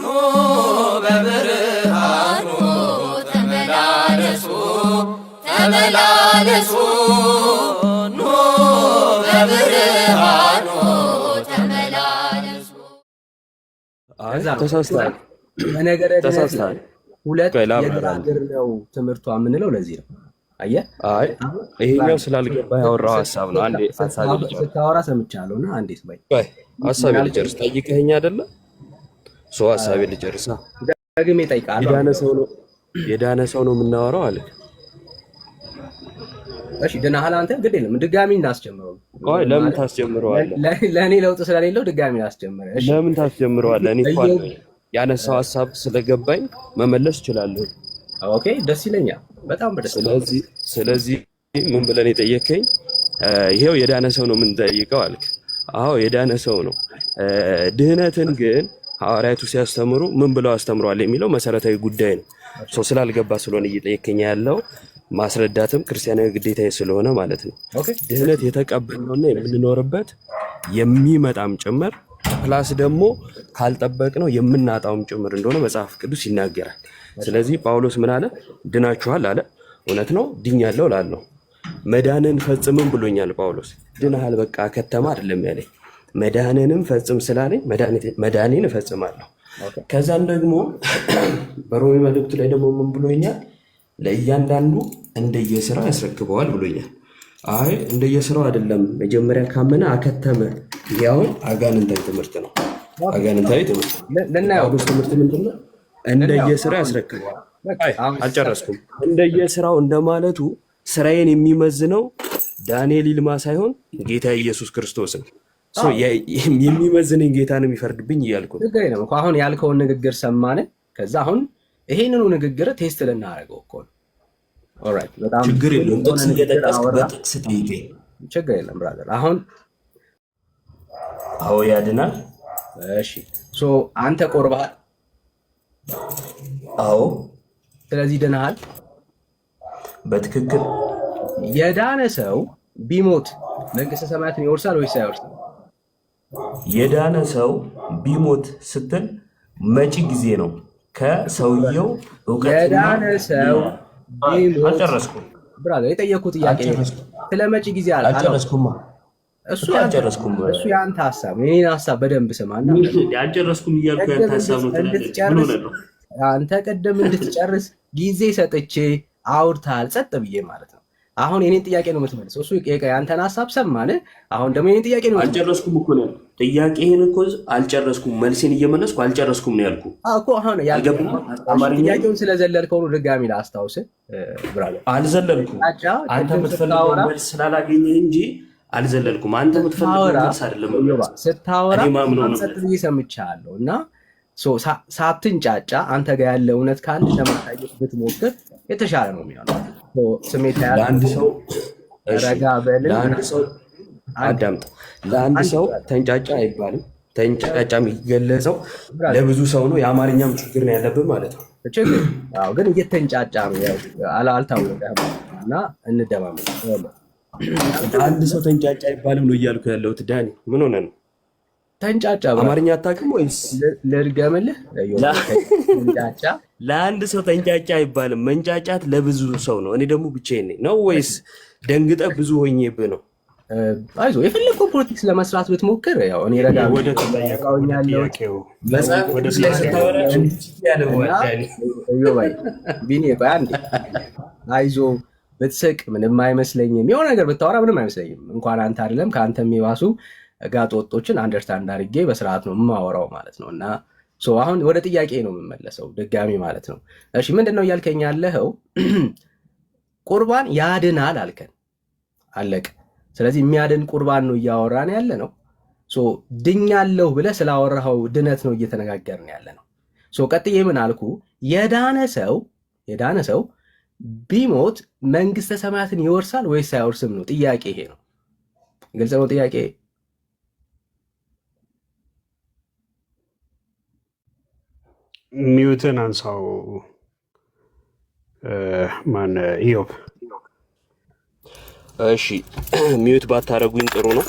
ኑ በብርሃኑ ተመላለሱ ተመላለሱ ኑ በብርሃኑ ተመላለሱ። ተሳስተሃል፣ በነገረ ተሳስተሃል። ሁለት ነው ትምህርቷ የምንለው ለዚህ ነው። አየህ፣ ይሄኛው ስላልገባ ያወራው ሀሳብ ነው። አንዴ ሀሳብ ስታወራ ሰምቻለሁ ሀሳብ ልጨርስ። ጠይቀኸኝ ሰው ልጨርስ ዳግም የዳነ ሰው ነው የምናወራው አለ። እሺ ድናሃል አንተ፣ ግድ የለም ድጋሚ እናስጀምረው። ለምን ታስጀምረዋለህ? ለእኔ ለውጥ ስለሌለው ድጋሚ እናስጀምረ። ለምን ታስጀምረዋለህ? እኔ እንኳን ያነሳው ሀሳብ ስለገባኝ መመለስ እችላለሁ። ኦኬ ደስ ይለኛል በጣም ስለዚህ ስለዚህ ምን ብለን የጠየከኝ ይሄው የዳነ ሰው ነው የምንጠይቀው አልክ። አዎ የዳነ ሰው ነው። ድህነትን ግን ሐዋርያቱ ሲያስተምሩ ምን ብለው አስተምረዋል የሚለው መሰረታዊ ጉዳይ ነው። ሰው ስላልገባ ስለሆነ እየጠየከኝ ያለው ማስረዳትም ክርስቲያናዊ ግዴታ ስለሆነ ማለት ነው። ድህነት የተቀበልነውና የምንኖርበት የሚመጣም ጭምር ፕላስ ደግሞ ካልጠበቅነው የምናጣውም ጭምር እንደሆነ መጽሐፍ ቅዱስ ይናገራል። ስለዚህ ጳውሎስ ምን አለ? ድናችኋል አለ። እውነት ነው፣ ድኛለሁ እላለሁ። መዳንን ፈጽምም ብሎኛል ጳውሎስ። ድናሃል በቃ ከተማ አይደለም ያለኝ መዳንንም ፈጽም ስላለኝ መዳኔን እፈጽማለሁ። ከዛም ደግሞ በሮሜ መልእክቱ ላይ ደግሞ ምን ብሎኛል? ለእያንዳንዱ እንደየስራ ያስረክበዋል ብሎኛል። አይ እንደየስራው አይደለም። መጀመሪያ ካመነ አከተመ። ያውን አጋንንታዊ ትምህርት ነው። አጋንንታዊ ትምህርት ለናያውስ ትምህርት ምንድን ነው? እንደየስራ ያስረክበዋል። አልጨረስኩም። እንደየስራው እንደማለቱ ስራዬን የሚመዝነው ዳንኤል ይልማ ሳይሆን ጌታ ኢየሱስ ክርስቶስ ነው። የሚመዝንኝ ጌታ ነው የሚፈርድብኝ እያልኩ ነው። አሁን ያልከውን ንግግር ሰማን። ከዛ አሁን ይሄንኑ ንግግር ቴስት ልናደርገው እኮ ነው። ችግር የለም ችግር የለም ብራዘር። አሁን አዎ ያድናል። እሺ አንተ ቆርበሃል። አዎ ስለዚህ ድነሃል። በትክክል የዳነ ሰው ቢሞት መንግስተ ሰማያትን ይወርሳል ወይስ አይወርሳል? የዳነ ሰው ቢሞት ስትል መጪ ጊዜ ነው። ከሰውየው እውቀትና ሰው አልጨረስኩም። ብራዘር ጊዜ አልጨረስኩማ። እሱ አልጨረስኩም። እሱ ሀሳብ ሀሳብ በደንብ አልጨረስኩም እያልኩ ያንተ ሀሳብ ነው አንተ ቀደም እንድትጨርስ ጊዜ ሰጥቼ አውርታል ጸጥ ብዬ ማለት ነው አሁን የኔን ጥያቄ ነው የምትመልሰው። እሱ የአንተን ሀሳብ ሰማን። አሁን ደግሞ የኔን ጥያቄ ነው። አልጨረስኩም እኮ ነው ያልኩህ። ጥያቄህን እኮ አልጨረስኩም፣ መልሴን እየመለስኩ አልጨረስኩም ነው ያልኩ እኮ። አሁን ጥያቄውን ስለዘለልከው ነው። ድጋሚ ላስታውስ፣ አልዘለልኩም። አንተ የምትፈልገው መልስ ስላላገኘ እንጂ አልዘለልኩም። አንተ የምትፈልገው መልስ አይደለም። ስታወራ ሰምቻለሁ እና ሳትንጫጫ አንተ ጋር ያለ እውነት ካለ ለማሳየት ብትሞክር የተሻለ ነው የሚሆነው። ስሜት ለአንድ ሰው ረጋ በል ለአንድ ሰው አዳምጥ። ለአንድ ሰው ተንጫጫ አይባልም። ተንጫጫ የሚገለጸው ለብዙ ሰው ነው። የአማርኛም ችግር ነው ያለብን ማለት ነው። ግን እየተንጫጫ ነው አልታወቀም። እና እንደማመ ለአንድ ሰው ተንጫጫ አይባልም ነው እያልኩ ያለሁት ዳኒ ምን ሆነ ነው ተንጫጫ። አማርኛ አታውቅም ወይስ? ልድገምልህ። ተንጫጫ ለአንድ ሰው ተንጫጫ አይባልም። መንጫጫት ለብዙ ሰው ነው። እኔ ደግሞ ብቻዬን ነኝ ነው ወይስ ደንግጠ ብዙ ሆኜብህ ነው? አይዞህ የፈለግከው ፖለቲክስ ለመስራት ብትሞክር ያው እኔ ረጋ ወደ አይዞህ ብትስቅ ምንም አይመስለኝም። የሆነ ነገር ብታወራ ምንም አይመስለኝም። እንኳን አንተ አይደለም ከአንተም የባሱ ጋጥ ወጦችን አንደርስታንድ አድርጌ በስርዓት ነው የማወራው ማለት ነው እና አሁን ወደ ጥያቄ ነው የምመለሰው ድጋሚ ማለት ነው። እሺ ምንድን ነው እያልከኝ ያለኸው? ቁርባን ያድናል አልከን አለቀ። ስለዚህ የሚያድን ቁርባን ነው እያወራን ያለ ነው። ድኛለሁ ብለህ ስላወራኸው ድነት ነው እየተነጋገርን ያለ ነው። ቀጥዬ ምን አልኩ? የዳነ ሰው የዳነ ሰው ቢሞት መንግስተ ሰማያትን ይወርሳል ወይስ አይወርስም ነው ጥያቄ። ይሄ ነው ግልጽ ነው ጥያቄ ሚዩትን አንሳው። ማን ኢዮብ? እሺ ሚዩት ባታደረጉኝ ጥሩ ነው።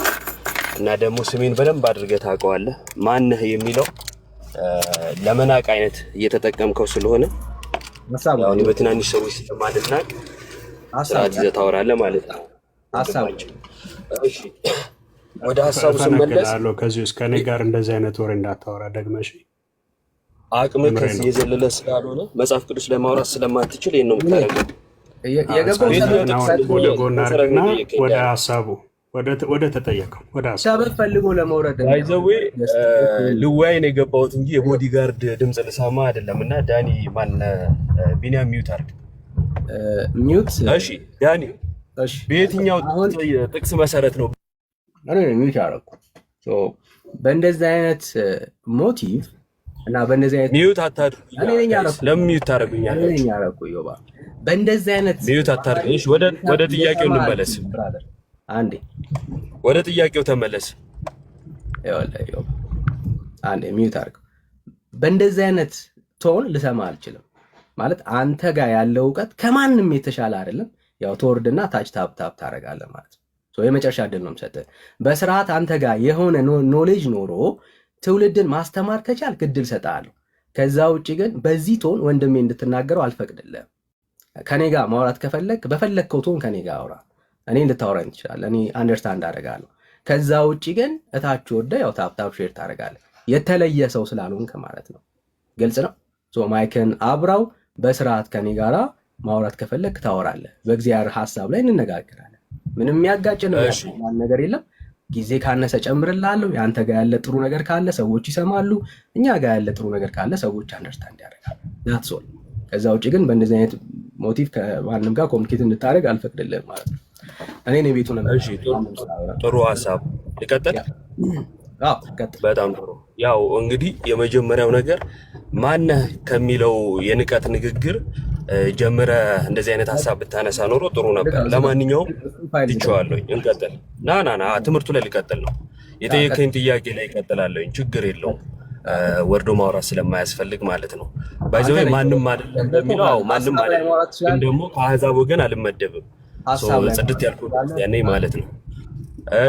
እና ደግሞ ስሜን በደንብ አድርገህ ታውቀዋለህ። ማንህ የሚለው ለመናቅ አይነት እየተጠቀምከው ስለሆነ ሁን በትናንሽ ሰዎች ስለማንናቅ ስርዓት ይዘህ ታወራለህ ማለት ነው። ወደ ሀሳቡ ስመለስ ከዚህ እስከ እኔ ጋር እንደዚህ አይነት ወሬ እንዳታወራ ደግመሽ አቅም ከዚህ የዘለለ ስላልሆነ መጽሐፍ ቅዱስ ለማውራት ስለማትችል ይህን ነው የምታደርገውጎናና ወደ ሀሳቡ ወደ ተጠየቀው ወደ ሀሳብን ፈልጎ ለመውረድ ይዘዌ ልዋይን የገባሁት እንጂ የቦዲጋርድ ድምፅ ልሳማ አይደለም። እና ዳኒ ማነ ቢኒያም ሚዩት አርግ ሚዩት። እሺ ዳኒ፣ በየትኛው ጥቅስ መሰረት ነው ሚዩት ያደረኩት? በእንደዚህ አይነት ሞቲቭ እና በእንደዚህ አይነት ሚዩት አታድርጉ። ለምን ሚዩት ታደርጉኛለች? በእንደዚህ አይነት ሚዩት አታድርጉ። እሺ፣ ወደ ወደ ጥያቄው እንመለስ። አንዴ ወደ ጥያቄው ተመለስ። አንዴ ሚዩት አድርገው። በእንደዚህ አይነት ቶን ልሰማ አልችልም። ማለት አንተ ጋር ያለው እውቀት ከማንም የተሻለ አይደለም። ያው ተወርድና ታች ታፕ ታፕ ታደርጋለህ ማለት ነው። የመጨረሻ እድል ነው የምሰጥህ። በስርዓት አንተ ጋር የሆነ ኖሌጅ ኖሮ ትውልድን ማስተማር ከቻል ግድል እሰጥሃለሁ። ከዛ ውጭ ግን በዚህ ቶን ወንድሜ እንድትናገረው አልፈቅድልም። ከኔ ጋር ማውራት ከፈለግ በፈለግከው ቶን ከኔ ጋር አውራ፣ እኔ እንድታወራኝ ትችላለህ። እኔ አንደርስታንድ አደርጋለሁ። ከዛ ውጭ ግን እታች ወደ ያው ታፕታፕ ሼር ታደርጋለህ። የተለየ ሰው ስላልሆንክ ማለት ነው። ግልጽ ነው። ማይክን አብራው በስርዓት ከኔ ጋራ ማውራት ከፈለግ ታወራለህ። በእግዚአብሔር ሀሳብ ላይ እንነጋገራለን። ምንም የሚያጋጭ ነገር የለም። ጊዜ ካነሰ ጨምርላለሁ። የአንተ ጋር ያለ ጥሩ ነገር ካለ ሰዎች ይሰማሉ። እኛ ጋር ያለ ጥሩ ነገር ካለ ሰዎች አንደርስታንድ ያደርጋሉ። ከዛ ውጭ ግን በእንደዚህ አይነት ሞቲቭ ከማንም ጋር ኮሚኒኬት እንድታደርግ አልፈቅድልህም ማለት ነው። እኔ የቤቱ ጥሩ ሀሳብ ልቀጥል። በጣም ጥሩ። ያው እንግዲህ የመጀመሪያው ነገር ማነህ ከሚለው የንቀት ንግግር ጀምረ እንደዚህ አይነት ሀሳብ ብታነሳ ኖሮ ጥሩ ነበር። ለማንኛውም ትቼዋለሁኝ። እንቀጥል። ና ና ና ትምህርቱ ላይ ልቀጥል ነው የጠየቀኝ ጥያቄ ላይ ይቀጥላለኝ፣ ችግር የለውም። ወርዶ ማውራት ስለማያስፈልግ ማለት ነው። ባይዘ ማንም አይደለም በሚለው ማንም አይደለም ግን ደግሞ ከአህዛብ ወገን አልመደብም። ጽድት ያልኩ ያኔ ማለት ነው።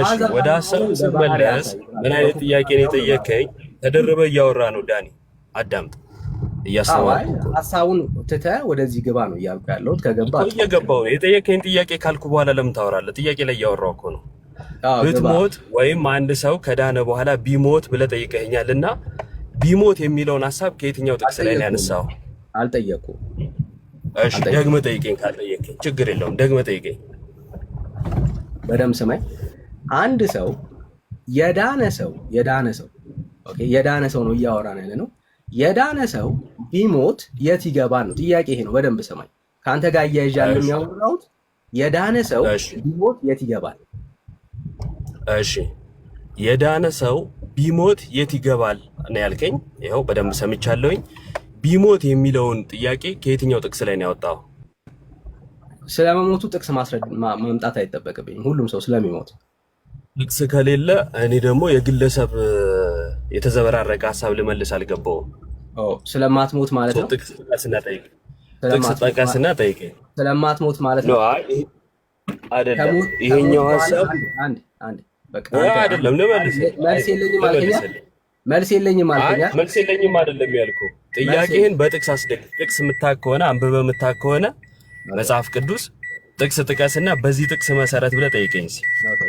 እሺ፣ ወደ ሀሳብ ስመለስ ምን አይነት ጥያቄ ነው የጠየቀኝ? ተደረበ እያወራ ነው ዳኒ፣ አዳምጥ ሀሳቡን ትተ ወደዚህ ግባ ነው እያልኩ ያለሁት። ከገባ እየገባው የጠየቀኝ ጥያቄ ካልኩ በኋላ ለምን ታወራለህ? ጥያቄ ላይ እያወራሁ እኮ ነው። ብትሞት ወይም አንድ ሰው ከዳነ በኋላ ቢሞት ብለህ ጠይቀኸኛል እና ቢሞት የሚለውን ሀሳብ ከየትኛው ጥቅስ ላይ ያነሳው? ያነሳኸው? አልጠየኩም። እሺ ደግመህ ጠይቀኝ። ካልጠየቀኝ ችግር የለውም። ደግመ ጠይቀኝ። በደምብ ስማኝ። አንድ ሰው የዳነ ሰው የዳነ ሰው የዳነ ሰው ነው እያወራን ያለ ነው። የዳነ ሰው ቢሞት የት ይገባል ነው ጥያቄ። ይሄ ነው በደንብ ሰማኝ። ከአንተ ጋር እያያዣል የሚያወራሁት የዳነ ሰው ቢሞት የት ይገባል? እሺ የዳነ ሰው ቢሞት የት ይገባል ነው ያልከኝ። ይኸው በደንብ ሰምቻለሁኝ። ቢሞት የሚለውን ጥያቄ ከየትኛው ጥቅስ ላይ ነው ያወጣው? ስለመሞቱ ጥቅስ ማምጣት አይጠበቅብኝም። ሁሉም ሰው ስለሚሞት ጥቅስ ከሌለ እኔ ደግሞ የግለሰብ የተዘበራረቀ ሀሳብ ልመልስ አልገባውም። ስለማትሞት ማለት ነው። ጥቀስና ጠይቀኝ። ስለማትሞት ማለት ነው። ይሄኛው ሀሳብ አይደለም። መልስ የለኝም አልከኝ። መልስ የለኝም አይደለም ያልኩህ። ጥያቄህን በጥቅስ አስደግፍ። ጥቅስ የምታክ ከሆነ አንብበህ የምታክ ከሆነ መጽሐፍ ቅዱስ ጥቅስ ጥቀስና በዚህ ጥቅስ መሰረት ብለህ ጠይቀኝ።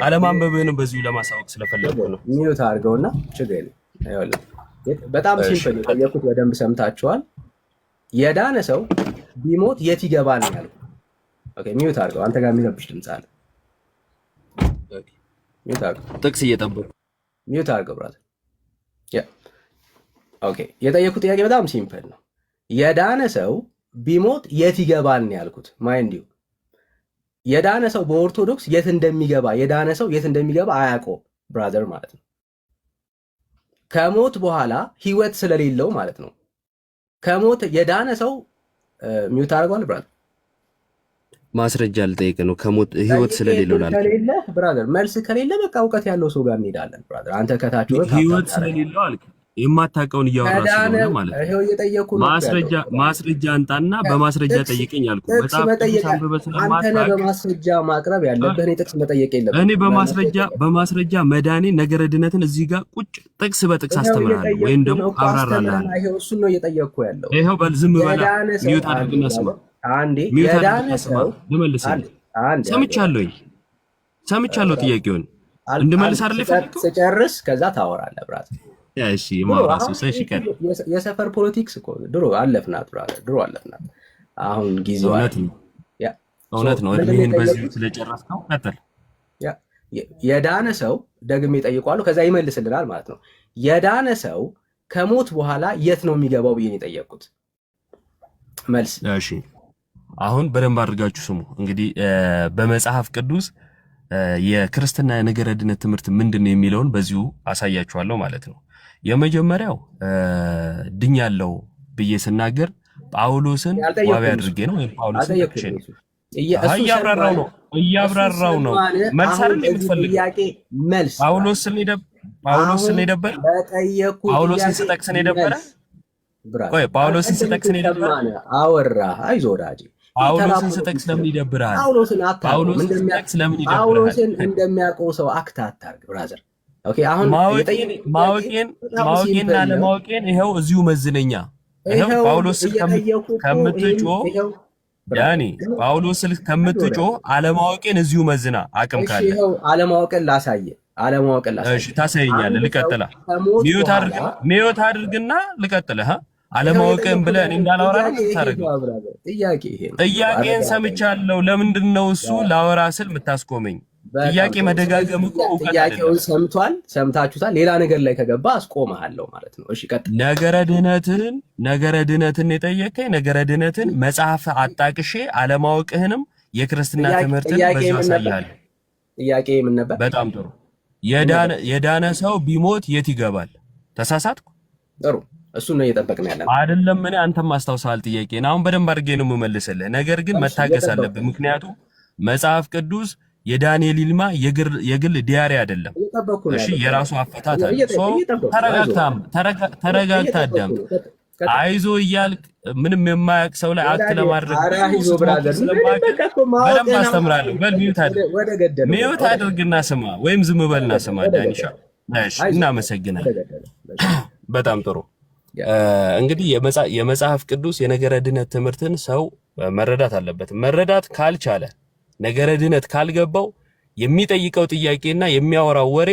አለማንበብህንም በዚሁ ለማሳወቅ ስለፈለግኩ ነው። ሚዩት አድርገውና ችግር የለም። በጣም ሲምፕል የጠየኩት በደንብ ሰምታችኋል። የዳነ ሰው ቢሞት የት ይገባል ነው ያልኩት። ሚዩት አድርገው። አንተ ጋር የሚረብሽ ድምፅ አለ። ጥቅስ እየጠበቁ ሚዩት አድርገው ብራት። የጠየኩት ጥያቄ በጣም ሲምፕል ነው። የዳነ ሰው ቢሞት የት ይገባል ነው ያልኩት። ማይንድ ዩ የዳነ ሰው በኦርቶዶክስ የት እንደሚገባ የዳነ ሰው የት እንደሚገባ አያውቀውም ብራዘር ማለት ነው። ከሞት በኋላ ህይወት ስለሌለው ማለት ነው። ከሞት የዳነ ሰው ሚውት አድርጓል። ብራዘር ማስረጃ ልጠይቅ ነው። ከሞት ህይወት ስለሌለው ብራዘር መልስ ከሌለ በቃ እውቀት ያለው ሰው ጋር እንሄዳለን። ብራዘር አንተ ከታች ህይወት ስለሌለው አልክ የማታውቀውን እያወራ ስለሆነ ማለት ነው። ማስረጃ ማስረጃ አንጣና በማስረጃ ጠይቀኝ አልኩ። በጣም ማቅረብ ያለብህ እኔ ጥቅስ መጠየቅ የለም። እኔ በማስረጃ በማስረጃ መዳኔ ነገረ ድነትን እዚህ ጋር ቁጭ ጥቅስ በጥቅስ አስተምራለሁ ወይም ደግሞ አብራራላለሁ። ይሄው ነው ያለው። በል ዝም በላ ሚዩት አድርግና ስማ። አንዴ የዳነ ሰው ልመልስልህ። ሰምቻለሁ ሰምቻለሁ። ጥያቄውን እንድመልስ አይደል ስጨርስ ከዛ ታወራለህ ብራት የሰፈር ፖለቲክስ ድሮ አለፍናት፣ ድሮ አለፍናት። አሁን ጊዜው እውነት ነው። ስለጨረስከው ቀጥል። የዳነ ሰው ደግሜ ጠይቋለሁ፣ ከዛ ይመልስልናል ማለት ነው። የዳነ ሰው ከሞት በኋላ የት ነው የሚገባው ብዬ ነው የጠየቅኩት። መልስ አሁን በደንብ አድርጋችሁ ስሙ። እንግዲህ በመጽሐፍ ቅዱስ የክርስትና የነገረድነት ትምህርት ምንድን ነው የሚለውን በዚሁ አሳያችኋለሁ ማለት ነው። የመጀመሪያው ድኛለው ብዬ ስናገር ጳውሎስን ዋቢ አድርጌ ነው ወይም ጳውሎስን እያብራራው ነው እያብራራው ነው። መልስ አይደል የምትፈልግ? ጳውሎስን የደበረ ጳውሎስን ስጠቅስን የደበረ ጳውሎስን ስጠቅስን የደበረ አወራ። አይዞህ ወዳጄ ጳውሎስን ስጠቅስ ለምን ይደብርሃል? ጳውሎስን እንደሚያውቀው ሰው አክታ አታርግ ብራዘር አሁን ማወቄን እና ለማወቄን ይኸው እዚሁ መዝነኛ ጳውሎስ ከምትጮ ያኔ ጳውሎስ ስልክ ከምትጮ አለማወቄን እዚሁ መዝና አቅም ካለ አለማወቅን ላሳየ አለማወቅን ላሳየ እሺ ታሳየኛለህ ልቀጥላ ሚዩት አድርግ ሚዩት አድርግና ልቀጥልህ አለማወቅን ብለህ እኔ እንዳላወራ ነው ታደርገው ጥያቄ ጥያቄን ሰምቻለሁ ለምንድን ነው እሱ ላወራ ስል የምታስቆመኝ ጥያቄ መደጋገም እኮ ጥያቄውን ሰምቷል፣ ሰምታችሁታል። ሌላ ነገር ላይ ከገባ አስቆመሃለሁ ማለት ነው። እሺ ቀጥል። ነገረ ድህነትህን ነገረ ድህነትህን የጠየከኝ ነገረ ድህነትህን መጽሐፍ አጣቅሼ አለማወቅህንም የክርስትና ትምህርትን በዚሁ አሳያለሁ። ጥያቄ ምን ነበር? በጣም ጥሩ። የዳነ ሰው ቢሞት የት ይገባል? ተሳሳትኩ? ጥሩ እሱ ነው እየጠበቅን ያለ አይደለም። እኔ አንተም አስታውሰሃል ጥያቄ አሁን በደንብ አድርጌ ነው የምመልስልህ። ነገር ግን መታገስ አለብህ፣ ምክንያቱም መጽሐፍ ቅዱስ የዳንኤል ይልማ የግል ዲያሪ አይደለም። እሺ የራሱ አፈታት አለ። ተረጋግታ አዳምጥ። አይዞ እያልክ ምንም የማያውቅ ሰው ላይ አክት ለማድረግ በደንብ አስተምራለሁ። በል ሚዩት አድርግና ስማ፣ ወይም ዝም በልና ስማ። ዳኒሻ እናመሰግናለን። በጣም ጥሩ። እንግዲህ የመጽሐፍ ቅዱስ የነገረ ድነት ትምህርትን ሰው መረዳት አለበት። መረዳት ካልቻለ ነገረ ድነት ካልገባው የሚጠይቀው ጥያቄና የሚያወራው ወሬ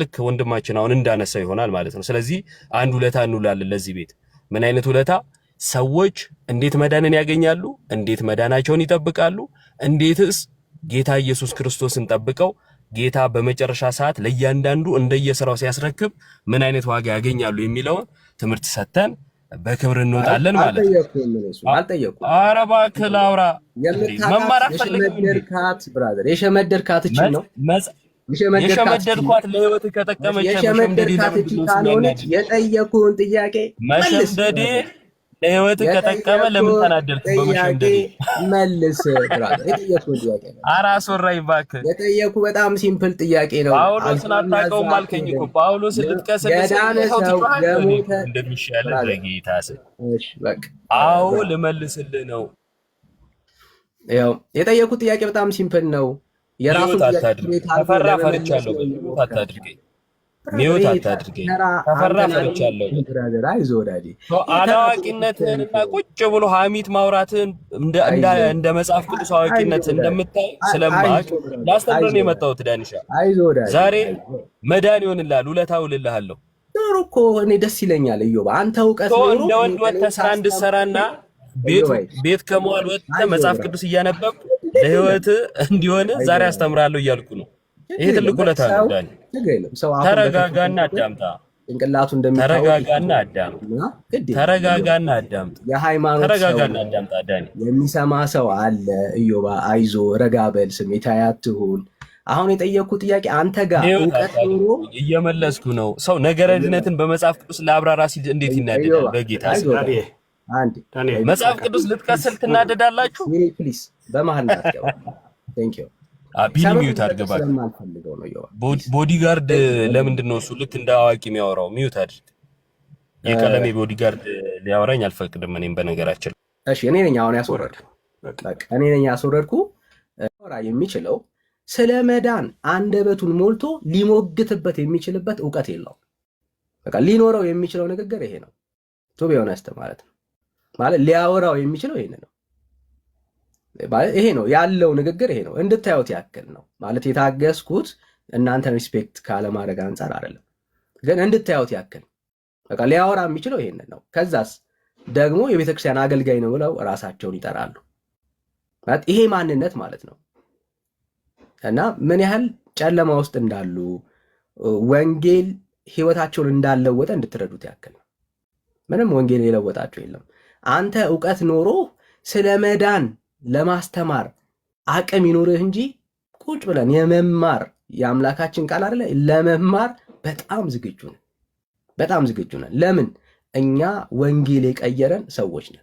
ልክ ወንድማችን አሁን እንዳነሳው ይሆናል ማለት ነው። ስለዚህ አንድ ውለታ እንውላለን ለዚህ ቤት። ምን አይነት ውለታ? ሰዎች እንዴት መዳንን ያገኛሉ? እንዴት መዳናቸውን ይጠብቃሉ? እንዴትስ ጌታ ኢየሱስ ክርስቶስን ጠብቀው ጌታ በመጨረሻ ሰዓት ለእያንዳንዱ እንደየስራው ሲያስረክብ ምን አይነት ዋጋ ያገኛሉ የሚለውን ትምህርት ሰጥተን በክብር እንወጣለን ማለት ነው። አልጠየኩም። ኧረ እባክህ ላውራ። መማር የሸመደድካት እችን ነው የሸመደድኳት። ከጠቀመች የሸመደድካት እችን ካልሆነች የጠየኩህን ጥያቄ መሸምደዴ ለህይወት ከጠቀመ ለምን ተናደርክ? በመሸምደዴ መልስ ብራዘር። የጠየኩህ ጥያቄ እባክህ። የጠየኩህ በጣም ሲምፕል ጥያቄ ነው። ጳውሎስን አታውቀውም አልከኝ እኮ ጳውሎስ ልትቀሰቅሰው እንደሚሻለህ በጌታ ስል። አዎ ልመልስልህ ነው። ያው የጠየኩህ ጥያቄ በጣም ሲምፕል ነው። የራሱ ጥያቄ ተፈራ ፈርቻለሁ። አታድርገኝ ሚውት አታድርገኝ። ፈርቻለሁ። አላዋቂነትህን እና ቁጭ ብሎ ሀሚት ማውራትህን እንደ መጽሐፍ ቅዱስ አዋቂነት እንደምታይ ስለማቅ ላስተምረን የመጣሁት ዳንሻ፣ ዛሬ መዳን ይሆንልሃል። ውለታ ውልልሃለሁ። እኮ እኔ ደስ ይለኛል። እዮብ አንተ እውቀት እንደ ወንድ ወጥተህ ስራ እንድትሰራና ቤት ከመዋል ወጥተህ መጽሐፍ ቅዱስ ለህይወት እንዲሆን ዛሬ አስተምራለሁ እያልኩ ነው። ይሄ ትልቁ ሁለታ ነው። ተረጋጋና አዳምጣ። ጭንቅላቱ እንደሚታወቅ ተረጋጋና አዳምጣ። ተረጋጋና አዳምጣ። የሃይማኖት ሰው የሚሰማ ሰው አለ። እዮባ አይዞ፣ ረጋበል፣ ስሜታዊ አትሁን። አሁን የጠየቅኩት ጥያቄ አንተ ጋር እውቀት ኑሮ እየመለስኩ ነው። ሰው ነገረ ድነትን በመጽሐፍ ቅዱስ ለአብራራ ሲል እንዴት ይናደዳል? በጌታ መጽሐፍ ቅዱስ ልጥቀስ ስል ትናደዳላችሁ። በመሀል ዩ ቢኒ ሚዩት አድርገህ ቦዲጋርድ ለምንድን ነው እሱ ልክ እንደ አዋቂ የሚያወራው? ሚዩት አድርግ። የቀለሜ ቦዲጋርድ ሊያወራኝ አልፈቅድም። እኔም በነገራችን እሺ፣ እኔ ነኝ አሁን ያስወረድ እኔ ነኝ ያስወረድኩ። ራ የሚችለው ስለ መዳን አንደበቱን ሞልቶ ሊሞግትበት የሚችልበት እውቀት የለውም። በቃ ሊኖረው የሚችለው ንግግር ይሄ ነው። ቱ ቢሆነስት ማለት ነው ማለት ሊያወራው የሚችለው ይሄን ነው። ይሄ ነው ያለው ንግግር ይሄ ነው እንድታዩት ያክል ነው ማለት የታገስኩት እናንተን ሪስፔክት ካለማድረግ አንጻር አይደለም ግን እንድታዩት ያክል በቃ ሊያወራ የሚችለው ይሄንን ነው ከዛስ ደግሞ የቤተክርስቲያን አገልጋይ ነው ብለው ራሳቸውን ይጠራሉ ማለት ይሄ ማንነት ማለት ነው እና ምን ያህል ጨለማ ውስጥ እንዳሉ ወንጌል ህይወታቸውን እንዳለወጠ እንድትረዱት ያክል ነው ምንም ወንጌል የለወጣቸው የለም አንተ እውቀት ኖሮ ስለ መዳን ለማስተማር አቅም ይኖርህ እንጂ ቁጭ ብለን የመማር የአምላካችን ቃል አለ ለመማር በጣም ዝግጁ ነን፣ በጣም ዝግጁ ነን። ለምን? እኛ ወንጌል የቀየረን ሰዎች ነን።